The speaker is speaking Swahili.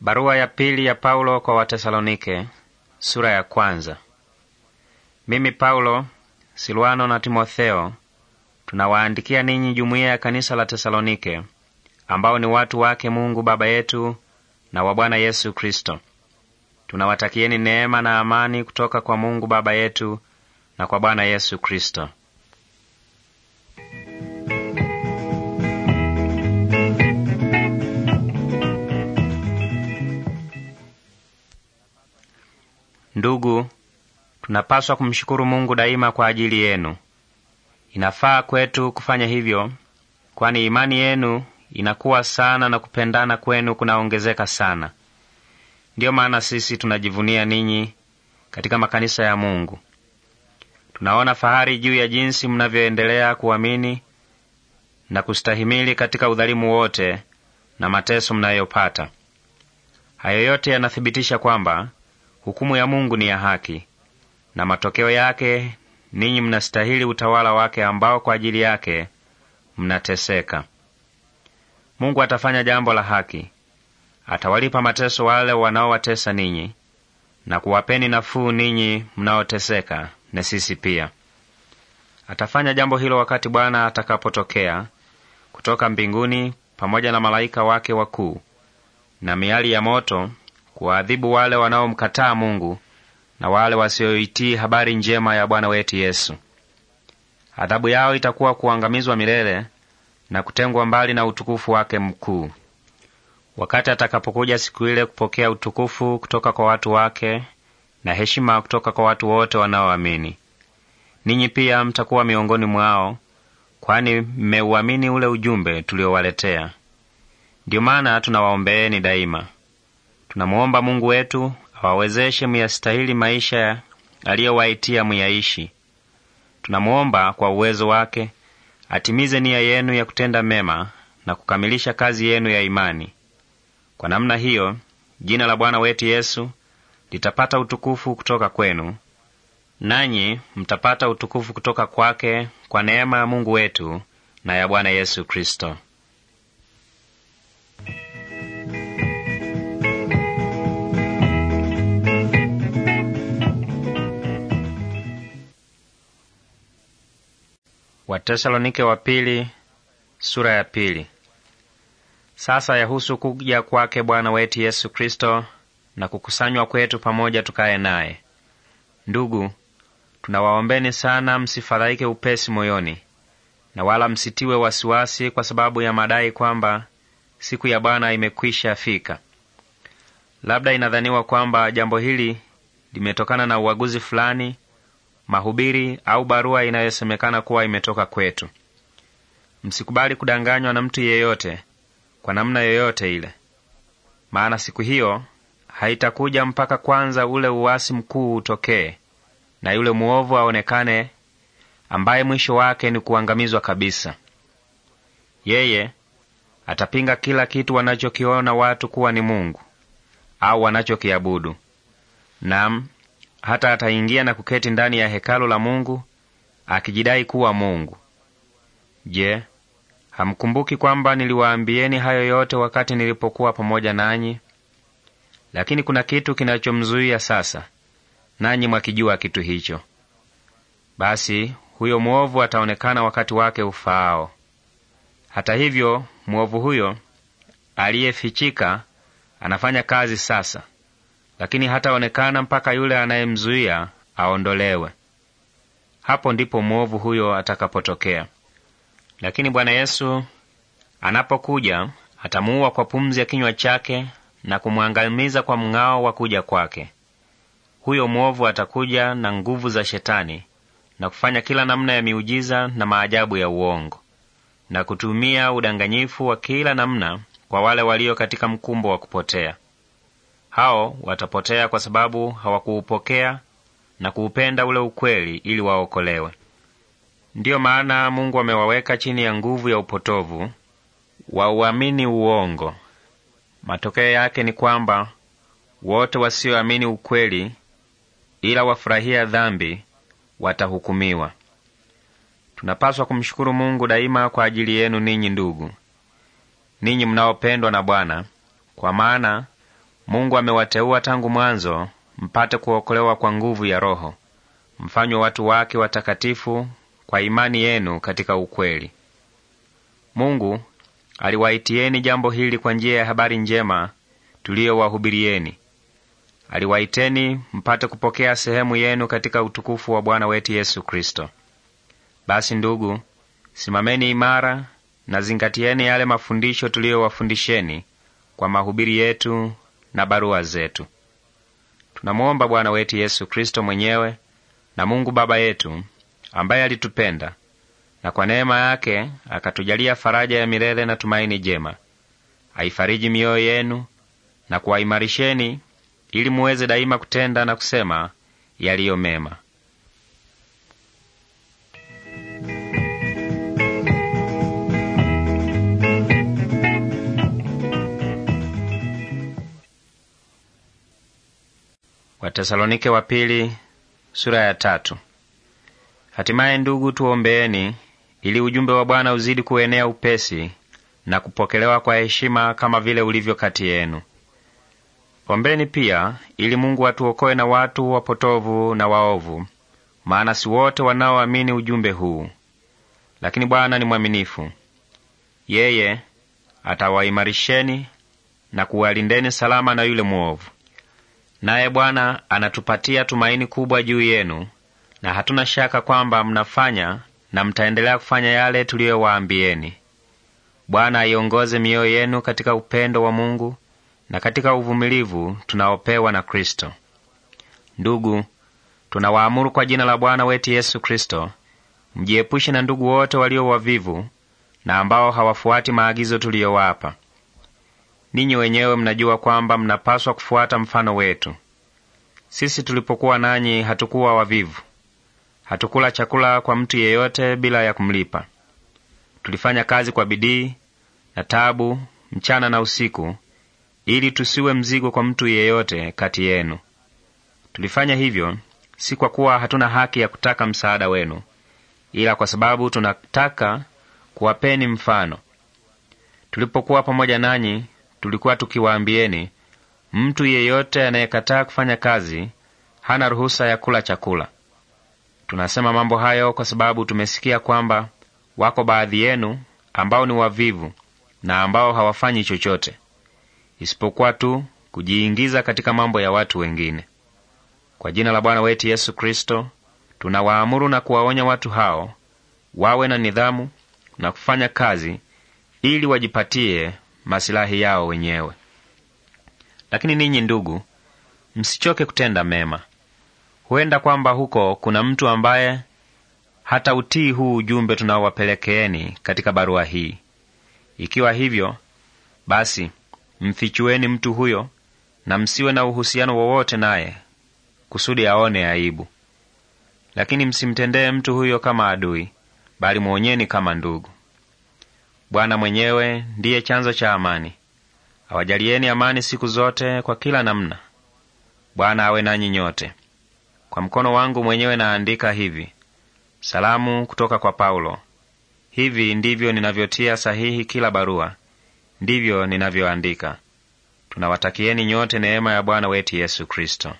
Barua ya pili ya Paulo kwa Watesalonike, sura ya kwanza. Mimi Paulo, Silwano na Timotheo tunawaandikia ninyi jumuiya ya kanisa la Tesalonike, ambao ni watu wake Mungu Baba yetu na wa Bwana Yesu Kristo. Tunawatakieni neema na amani kutoka kwa Mungu Baba yetu na kwa Bwana Yesu Kristo. Ndugu, tunapaswa kumshukuru Mungu daima kwa ajili yenu. Inafaa kwetu kufanya hivyo, kwani imani yenu inakuwa sana na kupendana kwenu kunaongezeka sana. Ndiyo maana sisi tunajivunia ninyi katika makanisa ya Mungu. Tunaona fahari juu ya jinsi mnavyoendelea kuamini na kustahimili katika udhalimu wote na mateso mnayopata. Hayo yote yanathibitisha kwamba Hukumu ya Mungu ni ya haki, na matokeo yake ninyi mnastahili utawala wake, ambao kwa ajili yake mnateseka. Mungu atafanya jambo la haki, atawalipa mateso wale wanaowatesa ninyi na kuwapeni nafuu ninyi mnaoteseka na sisi pia. Atafanya jambo hilo wakati Bwana atakapotokea kutoka mbinguni pamoja na malaika wake wakuu na miali ya moto kuwaadhibu wale wanaomkataa Mungu na wale wasioitii habari njema ya Bwana wetu Yesu. Adhabu yao itakuwa kuangamizwa milele na kutengwa mbali na utukufu wake mkuu, wakati atakapokuja siku ile kupokea utukufu kutoka kwa watu wake na heshima kutoka kwa watu wote wanaoamini. Ninyi pia mtakuwa miongoni mwao, kwani mmeuamini ule ujumbe tuliowaletea. Ndiyo maana tunawaombeeni daima tunamwomba Mungu wetu awawezeshe muyastahili maisha aliyowaitia muyaishi. Tunamwomba kwa uwezo wake atimize nia yenu ya kutenda mema na kukamilisha kazi yenu ya imani. Kwa namna hiyo, jina la Bwana wetu Yesu litapata utukufu kutoka kwenu, nanyi mtapata utukufu kutoka kwake kwa neema ya Mungu wetu na ya Bwana Yesu Kristo. Watesalonike wa pili, sura ya pili. Sasa yahusu kuja kwake Bwana wetu Yesu Kristo na kukusanywa kwetu pamoja tukaye naye. Ndugu, tunawaombeni sana msifadhaike upesi moyoni, na wala msitiwe wasiwasi kwa sababu ya madai kwamba siku ya Bwana imekwisha fika. Labda inadhaniwa kwamba jambo hili limetokana na uaguzi fulani mahubiri au barua inayosemekana kuwa imetoka kwetu. Msikubali kudanganywa na mtu yeyote kwa namna yoyote ile, maana siku hiyo haitakuja mpaka kwanza ule uasi mkuu utokee na yule mwovu aonekane, ambaye mwisho wake ni kuangamizwa kabisa. Yeye atapinga kila kitu wanachokiona watu kuwa ni Mungu au wanachokiabudu. Naam, hata ataingia na kuketi ndani ya hekalu la Mungu akijidai kuwa Mungu. Je, hamkumbuki kwamba niliwaambieni hayo yote wakati nilipokuwa pamoja nanyi? Lakini kuna kitu kinachomzuia sasa, nanyi mwakijua kitu hicho. Basi huyo mwovu ataonekana wakati wake ufaao. Hata hivyo, mwovu huyo aliyefichika anafanya kazi sasa lakini hataonekana mpaka yule anayemzuia aondolewe. Hapo ndipo mwovu huyo atakapotokea. Lakini Bwana Yesu anapokuja atamuua kwa pumzi ya kinywa chake na kumwangamiza kwa mng'ao wa kuja kwake. Huyo mwovu atakuja na nguvu za Shetani na kufanya kila namna ya miujiza na maajabu ya uongo na kutumia udanganyifu wa kila namna kwa wale walio katika mkumbo wa kupotea. Hao watapotea kwa sababu hawakuupokea na kuupenda ule ukweli ili waokolewe. Ndiyo maana Mungu amewaweka chini ya nguvu ya upotovu, wauamini uongo. Matokeo yake ni kwamba wote wasioamini ukweli ila wafurahia dhambi watahukumiwa. Tunapaswa kumshukuru Mungu daima kwa ajili yenu ninyi ndugu, ninyi mnaopendwa na Bwana, kwa maana Mungu amewateua tangu mwanzo mpate kuokolewa kwa nguvu ya Roho, mfanywe watu wake watakatifu kwa imani yenu katika ukweli. Mungu aliwaitieni jambo hili kwa njia ya habari njema tuliyowahubirieni. Aliwaiteni mpate kupokea sehemu yenu katika utukufu wa Bwana wetu Yesu Kristo. Basi ndugu, simameni imara na zingatieni yale mafundisho tuliyowafundisheni kwa mahubiri yetu na barua zetu. Tunamwomba Bwana wetu Yesu Kristo mwenyewe na Mungu Baba yetu ambaye alitupenda na kwa neema yake akatujalia faraja ya milele na tumaini jema, aifariji mioyo yenu na kuwaimarisheni, ili muweze daima kutenda na kusema yaliyo mema. Watesalonike wa pili, sura ya tatu. Hatimaye ndugu, tuombeeni ili ujumbe wa Bwana uzidi kuenea upesi na kupokelewa kwa heshima kama vile ulivyo kati yenu. Ombeni pia ili Mungu atuokoe na watu wapotovu na waovu, maana si wote wanaoamini ujumbe huu. Lakini Bwana ni mwaminifu, yeye atawaimarisheni na kuwalindeni salama na yule mwovu. Naye Bwana anatupatia tumaini kubwa juu yenu, na hatuna shaka kwamba mnafanya na mtaendelea kufanya yale tuliyowaambieni. Bwana aiongoze mioyo yenu katika upendo wa Mungu na katika uvumilivu tunaopewa na Kristo. Ndugu, tunawaamuru kwa jina la Bwana wetu Yesu Kristo, mjiepushe na ndugu wote walio wavivu na ambao hawafuati maagizo tuliyowapa ninyi wenyewe mnajua kwamba mnapaswa kufuata mfano wetu. Sisi tulipokuwa nanyi hatukuwa wavivu, hatukula chakula kwa mtu yeyote bila ya kumlipa. Tulifanya kazi kwa bidii na tabu mchana na usiku, ili tusiwe mzigo kwa mtu yeyote kati yenu. Tulifanya hivyo si kwa kuwa hatuna haki ya kutaka msaada wenu, ila kwa sababu tunataka kuwapeni mfano. Tulipokuwa pamoja nanyi, tulikuwa tukiwaambieni, mtu yeyote anayekataa kufanya kazi hana ruhusa ya kula chakula. Tunasema mambo hayo kwa sababu tumesikia kwamba wako baadhi yenu ambao ni wavivu na ambao hawafanyi chochote isipokuwa tu kujiingiza katika mambo ya watu wengine. Kwa jina la Bwana wetu Yesu Kristo, tunawaamuru na kuwaonya watu hao wawe na nidhamu na kufanya kazi ili wajipatie masilahi yao wenyewe. Lakini ninyi ndugu, msichoke kutenda mema. Huenda kwamba huko kuna mtu ambaye hata utii huu ujumbe tunaowapelekeeni katika barua hii. Ikiwa hivyo basi, mfichueni mtu huyo na msiwe na uhusiano wowote naye, kusudi aone aibu. Lakini msimtendee mtu huyo kama adui, bali mwonyeni kama ndugu. Bwana mwenyewe ndiye chanzo cha amani. Awajalieni amani siku zote kwa kila namna. Bwana awe nanyi nyote. Kwa mkono wangu mwenyewe naandika hivi: salamu kutoka kwa Paulo. Hivi ndivyo ninavyotia sahihi kila barua, ndivyo ninavyoandika. Tunawatakieni nyote neema ya Bwana wetu Yesu Kristo.